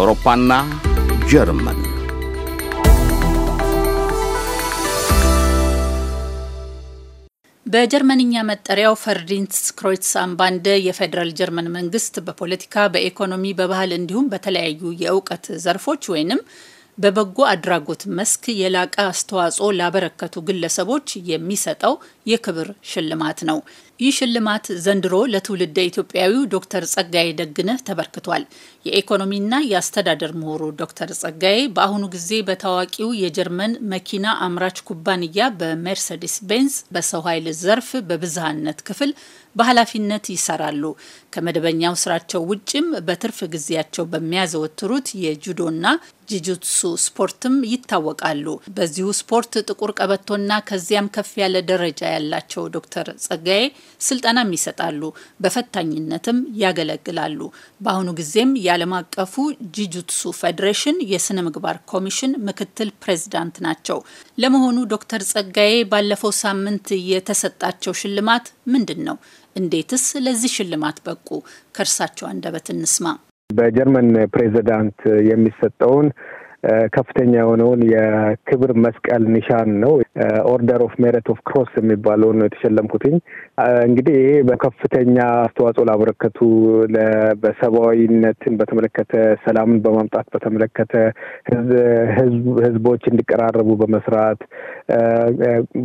አውሮፓና ጀርመን በጀርመንኛ መጠሪያው ፈርዲንስ ክሮይትሳም ባንደ የፌዴራል ጀርመን መንግስት በፖለቲካ፣ በኢኮኖሚ፣ በባህል እንዲሁም በተለያዩ የእውቀት ዘርፎች ወይንም በበጎ አድራጎት መስክ የላቀ አስተዋጽኦ ላበረከቱ ግለሰቦች የሚሰጠው የክብር ሽልማት ነው። ይህ ሽልማት ዘንድሮ ለትውልደ ኢትዮጵያዊው ዶክተር ጸጋዬ ደግነህ ተበርክቷል። የኢኮኖሚና የአስተዳደር ምሁሩ ዶክተር ጸጋዬ በአሁኑ ጊዜ በታዋቂው የጀርመን መኪና አምራች ኩባንያ በሜርሴዲስ ቤንዝ በሰው ኃይል ዘርፍ በብዝሃነት ክፍል በኃላፊነት ይሰራሉ። ከመደበኛው ስራቸው ውጭም በትርፍ ጊዜያቸው በሚያዘወትሩት የጁዶና ጂጁትሱ ስፖርትም ይታወቃሉ። በዚሁ ስፖርት ጥቁር ቀበቶና ከዚያም ከፍ ያለ ደረጃ ያላቸው ዶክተር ጸጋዬ ስልጠናም ይሰጣሉ፣ በፈታኝነትም ያገለግላሉ። በአሁኑ ጊዜም የዓለም አቀፉ ጂጁትሱ ፌዴሬሽን የስነ ምግባር ኮሚሽን ምክትል ፕሬዚዳንት ናቸው። ለመሆኑ ዶክተር ጸጋዬ ባለፈው ሳምንት የተሰጣቸው ሽልማት ምንድን ነው? እንዴትስ ለዚህ ሽልማት በቁ? ከእርሳቸው አንደበት እንስማ። በጀርመን ፕሬዚዳንት የሚሰጠውን ከፍተኛ የሆነውን የክብር መስቀል ኒሻን ነው ኦርደር ኦፍ ሜሪት ኦፍ ክሮስ የሚባለውን የተሸለምኩትኝ። እንግዲህ ይሄ በከፍተኛ አስተዋጽኦ ላበረከቱ በሰብአዊነትን በተመለከተ ሰላምን በማምጣት በተመለከተ ህዝቦች እንዲቀራረቡ በመስራት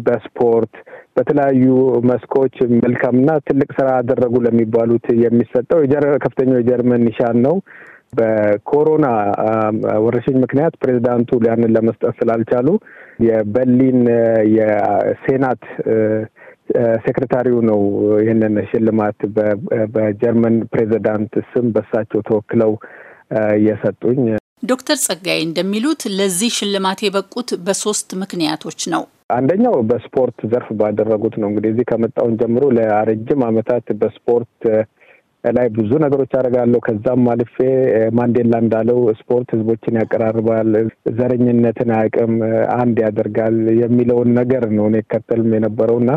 በስፖርት በተለያዩ መስኮች መልካምና ትልቅ ስራ አደረጉ ለሚባሉት የሚሰጠው ከፍተኛው የጀርመን ኒሻን ነው። በኮሮና ወረርሽኝ ምክንያት ፕሬዚዳንቱ ያንን ለመስጠት ስላልቻሉ የበርሊን የሴናት ሴክሬታሪው ነው ይህንን ሽልማት በጀርመን ፕሬዚዳንት ስም በሳቸው ተወክለው የሰጡኝ። ዶክተር ጸጋዬ እንደሚሉት ለዚህ ሽልማት የበቁት በሶስት ምክንያቶች ነው። አንደኛው በስፖርት ዘርፍ ባደረጉት ነው። እንግዲህ እዚህ ከመጣውን ጀምሮ ለረጅም ዓመታት በስፖርት ላይ ብዙ ነገሮች አደርጋለሁ። ከዛም አልፌ ማንዴላ እንዳለው ስፖርት ህዝቦችን ያቀራርባል፣ ዘረኝነትን አያውቅም፣ አንድ ያደርጋል የሚለውን ነገር ነው እኔ እከተልም የነበረው እና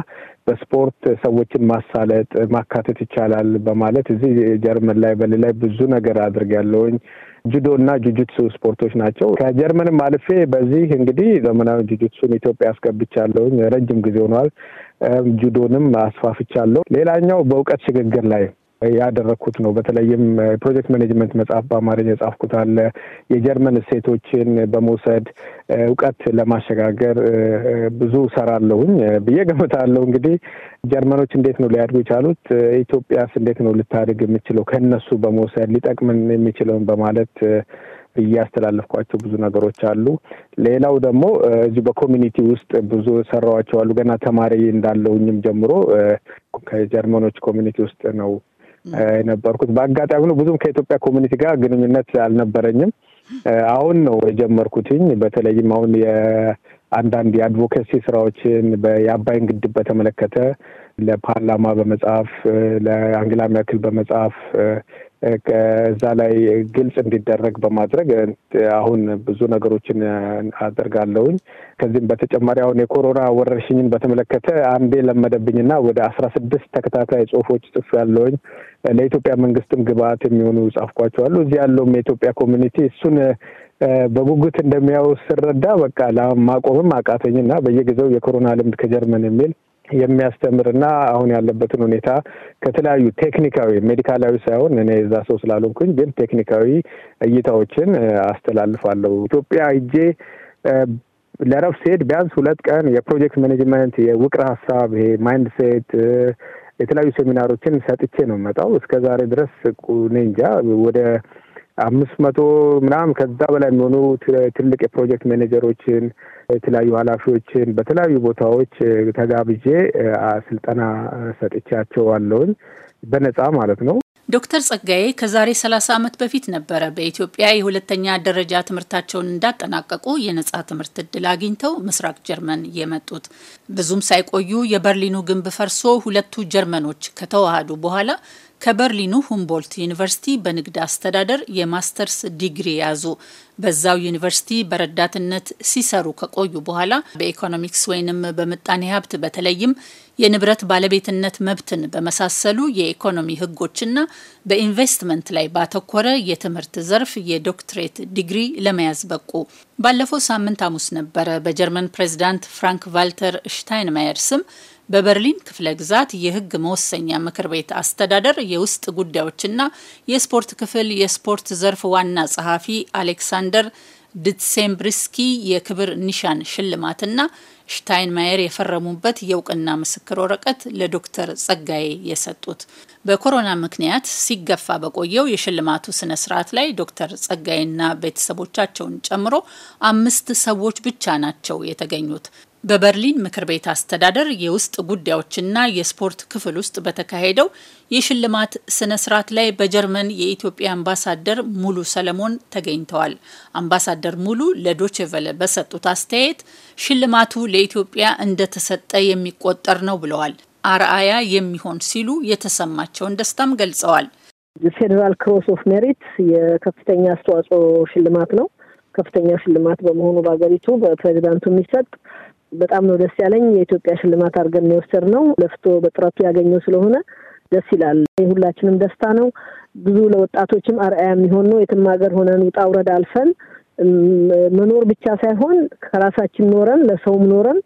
በስፖርት ሰዎችን ማሳለጥ ማካተት ይቻላል በማለት እዚህ ጀርመን ላይ በሌላ ላይ ብዙ ነገር አድርጋለሁኝ። ጁዶ እና ጁጁትሱ ስፖርቶች ናቸው። ከጀርመንም አልፌ በዚህ እንግዲህ ዘመናዊ ጁጁትሱን ኢትዮጵያ አስገብቻለሁኝ። ረጅም ጊዜ ሆኗል። ጁዶንም አስፋፍቻለሁ። ሌላኛው በእውቀት ሽግግር ላይ ያደረግኩት ነው። በተለይም ፕሮጀክት ማኔጅመንት መጽሐፍ በአማርኛ የጻፍኩት አለ። የጀርመን እሴቶችን በመውሰድ እውቀት ለማሸጋገር ብዙ ሰራለሁኝ ብዬ ገምታለሁ። እንግዲህ ጀርመኖች እንዴት ነው ሊያድጉ የቻሉት? ኢትዮጵያስ እንዴት ነው ልታድግ የምችለው? ከነሱ በመውሰድ ሊጠቅምን የሚችለውን በማለት ብዬ ያስተላለፍኳቸው ብዙ ነገሮች አሉ። ሌላው ደግሞ እዚሁ በኮሚኒቲ ውስጥ ብዙ ሰራዋቸው አሉ። ገና ተማሪ እንዳለውኝም ጀምሮ ከጀርመኖች ኮሚኒቲ ውስጥ ነው የነበርኩት። በአጋጣሚ ነው ብዙም ከኢትዮጵያ ኮሚኒቲ ጋር ግንኙነት አልነበረኝም። አሁን ነው የጀመርኩትኝ። በተለይም አሁን የአንዳንድ የአድቮኬሲ ስራዎችን የአባይን ግድብ በተመለከተ ለፓርላማ በመጽሐፍ ለአንግላ ሜርክል በመጽሐፍ ከዛ ላይ ግልጽ እንዲደረግ በማድረግ አሁን ብዙ ነገሮችን አደርጋለሁኝ። ከዚህም በተጨማሪ አሁን የኮሮና ወረርሽኝን በተመለከተ አንዴ ለመደብኝና ወደ አስራ ስድስት ተከታታይ ጽሁፎች ያለውኝ ለኢትዮጵያ መንግስትም ግብአት የሚሆኑ ጻፍኳቸው አሉ። እዚህ ያለውም የኢትዮጵያ ኮሚኒቲ እሱን በጉጉት እንደሚያው ስረዳ በቃ ማቆምም አቃተኝ በየጊዜው የኮሮና ልምድ ከጀርመን የሚል የሚያስተምርና አሁን ያለበትን ሁኔታ ከተለያዩ ቴክኒካዊ ሜዲካላዊ ሳይሆን እኔ እዛ ሰው ስላልሆንኩኝ ግን ቴክኒካዊ እይታዎችን አስተላልፋለሁ። ኢትዮጵያ እጄ ለረፍት ሲሄድ ቢያንስ ሁለት ቀን የፕሮጀክት ማኔጅመንት የውቅር ሀሳብ ይሄ ማይንድ ሴት የተለያዩ ሴሚናሮችን ሰጥቼ ነው መጣው። እስከ ዛሬ ድረስ እኔ እንጃ ወደ አምስት መቶ ምናምን ከዛ በላይ የሚሆኑ ትልቅ የፕሮጀክት ሜኔጀሮችን የተለያዩ ኃላፊዎችን በተለያዩ ቦታዎች ተጋብዤ ስልጠና አለውኝ በነጻ ማለት ነው። ዶክተር ጸጋዬ ከዛሬ 30 ዓመት በፊት ነበረ በኢትዮጵያ የሁለተኛ ደረጃ ትምህርታቸውን እንዳጠናቀቁ የነጻ ትምህርት እድል አግኝተው ምስራቅ ጀርመን የመጡት። ብዙም ሳይቆዩ የበርሊኑ ግንብ ፈርሶ ሁለቱ ጀርመኖች ከተዋሃዱ በኋላ ከበርሊኑ ሁምቦልት ዩኒቨርሲቲ በንግድ አስተዳደር የማስተርስ ዲግሪ የያዙ በዛው ዩኒቨርሲቲ በረዳትነት ሲሰሩ ከቆዩ በኋላ በኢኮኖሚክስ ወይንም በምጣኔ ሀብት በተለይም የንብረት ባለቤትነት መብትን በመሳሰሉ የኢኮኖሚ ሕጎችና በኢንቨስትመንት ላይ ባተኮረ የትምህርት ዘርፍ የዶክትሬት ዲግሪ ለመያዝ በቁ። ባለፈው ሳምንት ሐሙስ ነበረ በጀርመን ፕሬዚዳንት ፍራንክ ቫልተር ሽታይንማየር ስም በበርሊን ክፍለ ግዛት የህግ መወሰኛ ምክር ቤት አስተዳደር የውስጥ ጉዳዮችና የስፖርት ክፍል የስፖርት ዘርፍ ዋና ጸሐፊ አሌክሳንደር ድትሴምብሪስኪ የክብር ኒሻን ሽልማትና ሽታይንማየር የፈረሙበት የእውቅና ምስክር ወረቀት ለዶክተር ጸጋዬ የሰጡት በኮሮና ምክንያት ሲገፋ በቆየው የሽልማቱ ስነ ስርዓት ላይ ዶክተር ጸጋዬና ቤተሰቦቻቸውን ጨምሮ አምስት ሰዎች ብቻ ናቸው የተገኙት። በበርሊን ምክር ቤት አስተዳደር የውስጥ ጉዳዮችና የስፖርት ክፍል ውስጥ በተካሄደው የሽልማት ስነ ስርዓት ላይ በጀርመን የኢትዮጵያ አምባሳደር ሙሉ ሰለሞን ተገኝተዋል። አምባሳደር ሙሉ ለዶቼ ቨለ በሰጡት አስተያየት ሽልማቱ ለኢትዮጵያ እንደተሰጠ የሚቆጠር ነው ብለዋል። አርአያ የሚሆን ሲሉ የተሰማቸውን ደስታም ገልጸዋል። ፌዴራል ክሮስ ኦፍ ሜሪት የከፍተኛ አስተዋጽኦ ሽልማት ነው። ከፍተኛ ሽልማት በመሆኑ በሀገሪቱ በፕሬዚዳንቱ የሚሰጥ በጣም ነው ደስ ያለኝ። የኢትዮጵያ ሽልማት አድርገን የወሰድ ነው ለፍቶ በጥረቱ ያገኘው ስለሆነ ደስ ይላል። የሁላችንም ደስታ ነው። ብዙ ለወጣቶችም አርአያ የሚሆን ነው። የትም ሀገር ሆነን ውጣ ውረድ አልፈን መኖር ብቻ ሳይሆን ከራሳችን ኖረን ለሰውም ኖረን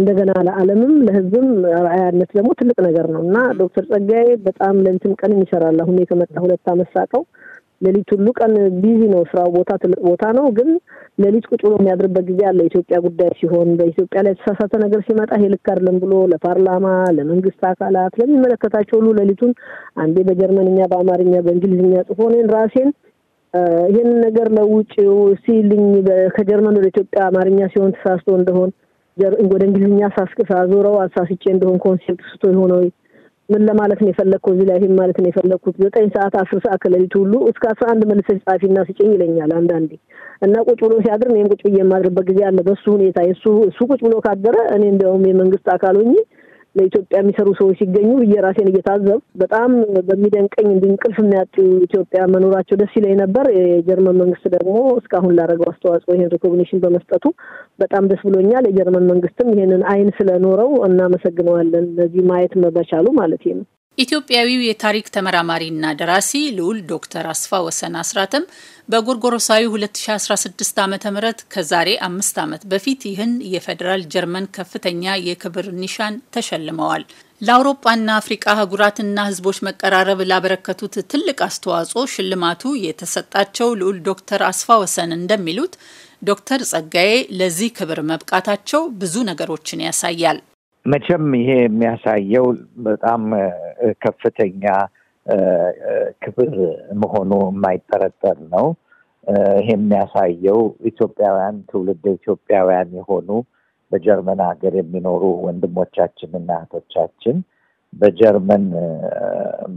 እንደገና ለዓለምም ለሕዝብም አርአያነት ደግሞ ትልቅ ነገር ነው እና ዶክተር ጸጋዬ በጣም ሌሊትም ቀን ይሰራል። አሁን ከመጣ ሁለት አመት ሳቀው ሌሊት ሁሉ ቀን ቢዚ ነው። ስራው ቦታ ትልቅ ቦታ ነው፣ ግን ሌሊት ቁጭ ብሎ የሚያድርበት ጊዜ አለ። ኢትዮጵያ ጉዳይ ሲሆን በኢትዮጵያ ላይ የተሳሳተ ነገር ሲመጣ ይሄ ልክ አይደለም ብሎ ለፓርላማ፣ ለመንግስት አካላት፣ ለሚመለከታቸው ሁሉ ሌሊቱን አንዴ በጀርመንኛ፣ በአማርኛ፣ በእንግሊዝኛ ጽፎ እኔን ራሴን ይህን ነገር ለውጭ ሲልኝ ከጀርመን ወደ ኢትዮጵያ አማርኛ ሲሆን ተሳስቶ እንደሆን ወደ እንግሊዝኛ ሳዞረው አሳስቼ እንደሆን ኮንሴፕት ስቶ የሆነው ምን ለማለት ነው የፈለግኩ እዚህ ላይ ይህን ማለት ነው የፈለግኩት ዘጠኝ ሰዓት አስር ሰዓት ከሌሊቱ ሁሉ እስከ አስራ አንድ መልሰሽ ጻፊና ስጭኝ ይለኛል አንዳንዴ እና ቁጭ ብሎ ሲያድር እኔም ቁጭ ብዬ የማድርበት ጊዜ አለ በሱ ሁኔታ የሱ እሱ ቁጭ ብሎ ካደረ እኔ እንዲያውም የመንግስት አካል ሆኜ ለኢትዮጵያ የሚሰሩ ሰዎች ሲገኙ ብዬ ራሴን እየታዘብ በጣም በሚደንቀኝ እንዲ እንቅልፍ የሚያጡ ኢትዮጵያ መኖራቸው ደስ ይለኝ ነበር። የጀርመን መንግስት ደግሞ እስካሁን ላደረገው አስተዋጽኦ ይህን ሪኮግኒሽን በመስጠቱ በጣም ደስ ብሎኛል። የጀርመን መንግስትም ይህንን አይን ስለኖረው እናመሰግነዋለን። እነዚህ ማየት መበቻሉ ማለት ነው። ኢትዮጵያዊው የታሪክ ተመራማሪና ደራሲ ልዑል ዶክተር አስፋ ወሰን አስራትም በጎርጎሮሳዊ 2016 ዓ ም ከዛሬ አምስት ዓመት በፊት ይህን የፌዴራል ጀርመን ከፍተኛ የክብር ኒሻን ተሸልመዋል። ለአውሮፓና አፍሪቃ አህጉራትና ህዝቦች መቀራረብ ላበረከቱት ትልቅ አስተዋጽኦ ሽልማቱ የተሰጣቸው ልዑል ዶክተር አስፋ ወሰን እንደሚሉት ዶክተር ጸጋዬ ለዚህ ክብር መብቃታቸው ብዙ ነገሮችን ያሳያል። መቼም ይሄ የሚያሳየው በጣም ከፍተኛ ክብር መሆኑ የማይጠረጠር ነው። ይሄ የሚያሳየው ኢትዮጵያውያን ትውልድ ኢትዮጵያውያን የሆኑ በጀርመን ሀገር የሚኖሩ ወንድሞቻችንና እህቶቻችን በጀርመን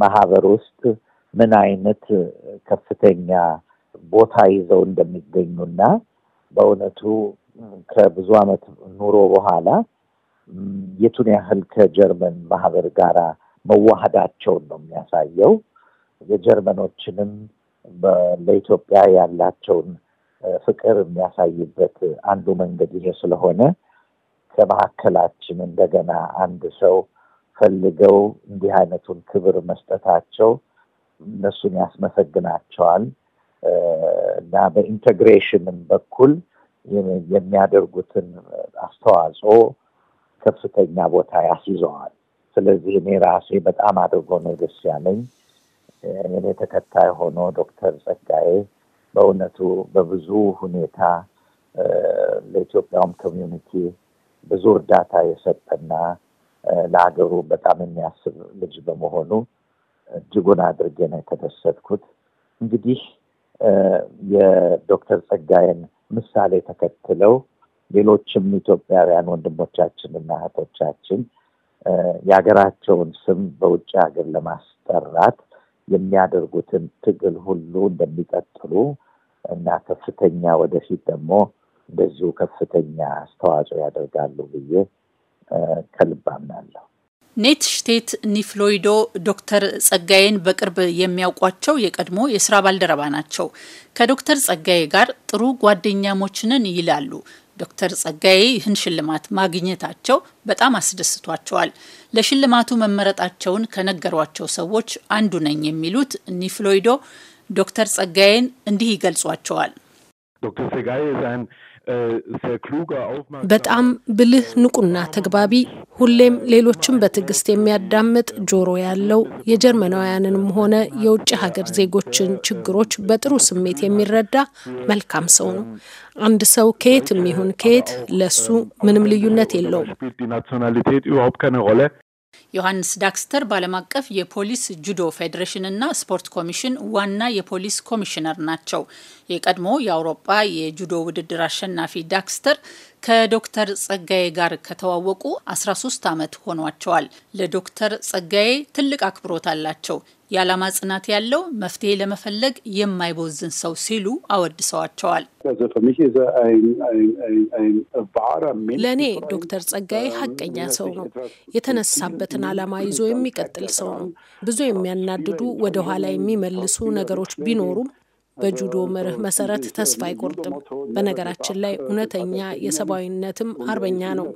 ማህበር ውስጥ ምን አይነት ከፍተኛ ቦታ ይዘው እንደሚገኙና በእውነቱ ከብዙ ዓመት ኑሮ በኋላ የቱን ያህል ከጀርመን ማህበር ጋራ መዋሃዳቸውን ነው የሚያሳየው። የጀርመኖችንም ለኢትዮጵያ ያላቸውን ፍቅር የሚያሳይበት አንዱ መንገድ ይሄ ስለሆነ ከመካከላችን እንደገና አንድ ሰው ፈልገው እንዲህ አይነቱን ክብር መስጠታቸው እነሱን ያስመሰግናቸዋል እና በኢንተግሬሽንም በኩል የሚያደርጉትን አስተዋጽኦ ከፍተኛ ቦታ ያስይዘዋል። ስለዚህ እኔ ራሴ በጣም አድርጎ ነው ደስ ያለኝ። እኔ ተከታይ ሆኖ ዶክተር ጸጋዬ በእውነቱ በብዙ ሁኔታ ለኢትዮጵያውም ኮሚዩኒቲ ብዙ እርዳታ የሰጠና ለሀገሩ በጣም የሚያስብ ልጅ በመሆኑ እጅጉን አድርጌ ነው የተደሰትኩት። እንግዲህ የዶክተር ጸጋዬን ምሳሌ ተከትለው ሌሎችም ኢትዮጵያውያን ወንድሞቻችን እህቶቻችን የሀገራቸውን ስም በውጭ ሀገር ለማስጠራት የሚያደርጉትን ትግል ሁሉ እንደሚቀጥሉ እና ከፍተኛ ወደፊት ደግሞ እንደዚሁ ከፍተኛ አስተዋጽኦ ያደርጋሉ ብዬ ከልብ አምናለሁ። ኔት ሽቴት ኒፍሎይዶ ዶክተር ጸጋዬን በቅርብ የሚያውቋቸው የቀድሞ የስራ ባልደረባ ናቸው። ከዶክተር ጸጋዬ ጋር ጥሩ ጓደኛሞችንን ይላሉ። ዶክተር ጸጋዬ ይህን ሽልማት ማግኘታቸው በጣም አስደስቷቸዋል። ለሽልማቱ መመረጣቸውን ከነገሯቸው ሰዎች አንዱ ነኝ የሚሉት እኒህ ፍሎይዶ ዶክተር ጸጋዬን እንዲህ ይገልጿቸዋል። ዶክተር ጸጋዬ በጣም ብልህ፣ ንቁና ተግባቢ፣ ሁሌም ሌሎችን በትዕግስት የሚያዳምጥ ጆሮ ያለው የጀርመናውያንንም ሆነ የውጭ ሀገር ዜጎችን ችግሮች በጥሩ ስሜት የሚረዳ መልካም ሰው ነው። አንድ ሰው ከየትም ይሁን ከየት ለሱ ምንም ልዩነት የለውም። ዮሐንስ ዳክስተር በዓለም አቀፍ የፖሊስ ጁዶ ፌዴሬሽንና ስፖርት ኮሚሽን ዋና የፖሊስ ኮሚሽነር ናቸው። የቀድሞ የአውሮፓ የጁዶ ውድድር አሸናፊ ዳክስተር ከዶክተር ጸጋዬ ጋር ከተዋወቁ 13 ዓመት ሆኗቸዋል። ለዶክተር ጸጋዬ ትልቅ አክብሮት አላቸው። የዓላማ ጽናት ያለው መፍትሄ ለመፈለግ የማይቦዝን ሰው ሲሉ አወድሰዋቸዋል። ለእኔ ዶክተር ጸጋዬ ሀቀኛ ሰው ነው። የተነሳበትን ዓላማ ይዞ የሚቀጥል ሰው ነው። ብዙ የሚያናድዱ ወደኋላ የሚመልሱ ነገሮች ቢኖሩም በጁዶ መርህ መሰረት ተስፋ አይቆርጥም። በነገራችን ላይ እውነተኛ የሰብአዊነትም አርበኛ ነው።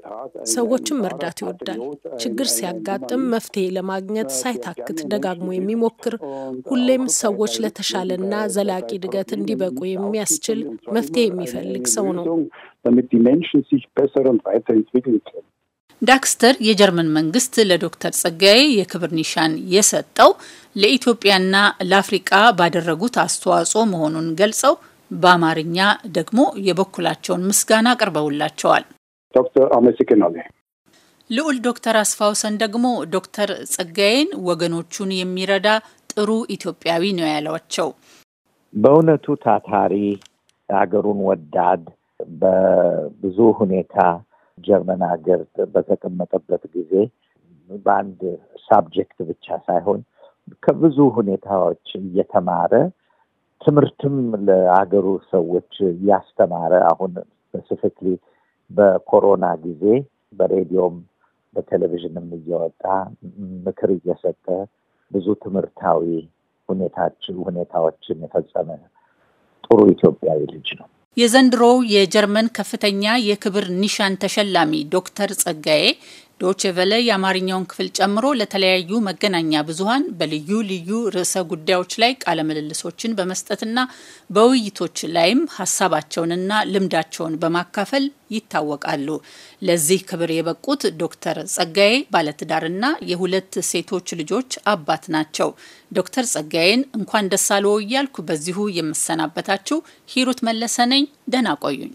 ሰዎችም መርዳት ይወዳል። ችግር ሲያጋጥም መፍትሄ ለማግኘት ሳይታክት ደጋግሞ የሚሞክር ሁሌም ሰዎች ለተሻለና ዘላቂ እድገት እንዲበቁ የሚያስችል መፍትሄ የሚፈልግ ሰው ነው። ዳክስተር የጀርመን መንግስት ለዶክተር ጸጋዬ የክብር ኒሻን የሰጠው ለኢትዮጵያና ለአፍሪቃ ባደረጉት አስተዋጽኦ መሆኑን ገልጸው በአማርኛ ደግሞ የበኩላቸውን ምስጋና አቅርበውላቸዋል። ዶክተር አመሰግናለሁ። ልዑል ዶክተር አስፋውሰን ደግሞ ዶክተር ጸጋዬን ወገኖቹን የሚረዳ ጥሩ ኢትዮጵያዊ ነው ያሏቸው። በእውነቱ ታታሪ፣ ሀገሩን ወዳድ፣ በብዙ ሁኔታ ጀርመን ሀገር በተቀመጠበት ጊዜ በአንድ ሳብጀክት ብቻ ሳይሆን ከብዙ ሁኔታዎች እየተማረ ትምህርትም ለሀገሩ ሰዎች እያስተማረ አሁን ስፔሲፊክሊ በኮሮና ጊዜ በሬዲዮም በቴሌቪዥንም እየወጣ ምክር እየሰጠ ብዙ ትምህርታዊ ሁኔታችን ሁኔታዎችን የፈጸመ ጥሩ ኢትዮጵያዊ ልጅ ነው። የዘንድሮው የጀርመን ከፍተኛ የክብር ኒሻን ተሸላሚ ዶክተር ጸጋዬ ዶቼ ቨለ የአማርኛውን ክፍል ጨምሮ ለተለያዩ መገናኛ ብዙሀን በልዩ ልዩ ርዕሰ ጉዳዮች ላይ ቃለ ምልልሶችን በመስጠትና በውይይቶች ላይም ሀሳባቸውንና ልምዳቸውን በማካፈል ይታወቃሉ። ለዚህ ክብር የበቁት ዶክተር ጸጋዬ ባለትዳርና የሁለት ሴቶች ልጆች አባት ናቸው። ዶክተር ጸጋዬን እንኳን ደስ አለዎ እያልኩ በዚሁ የምሰናበታችሁ ሂሩት መለሰ ነኝ። ደህና ቆዩኝ።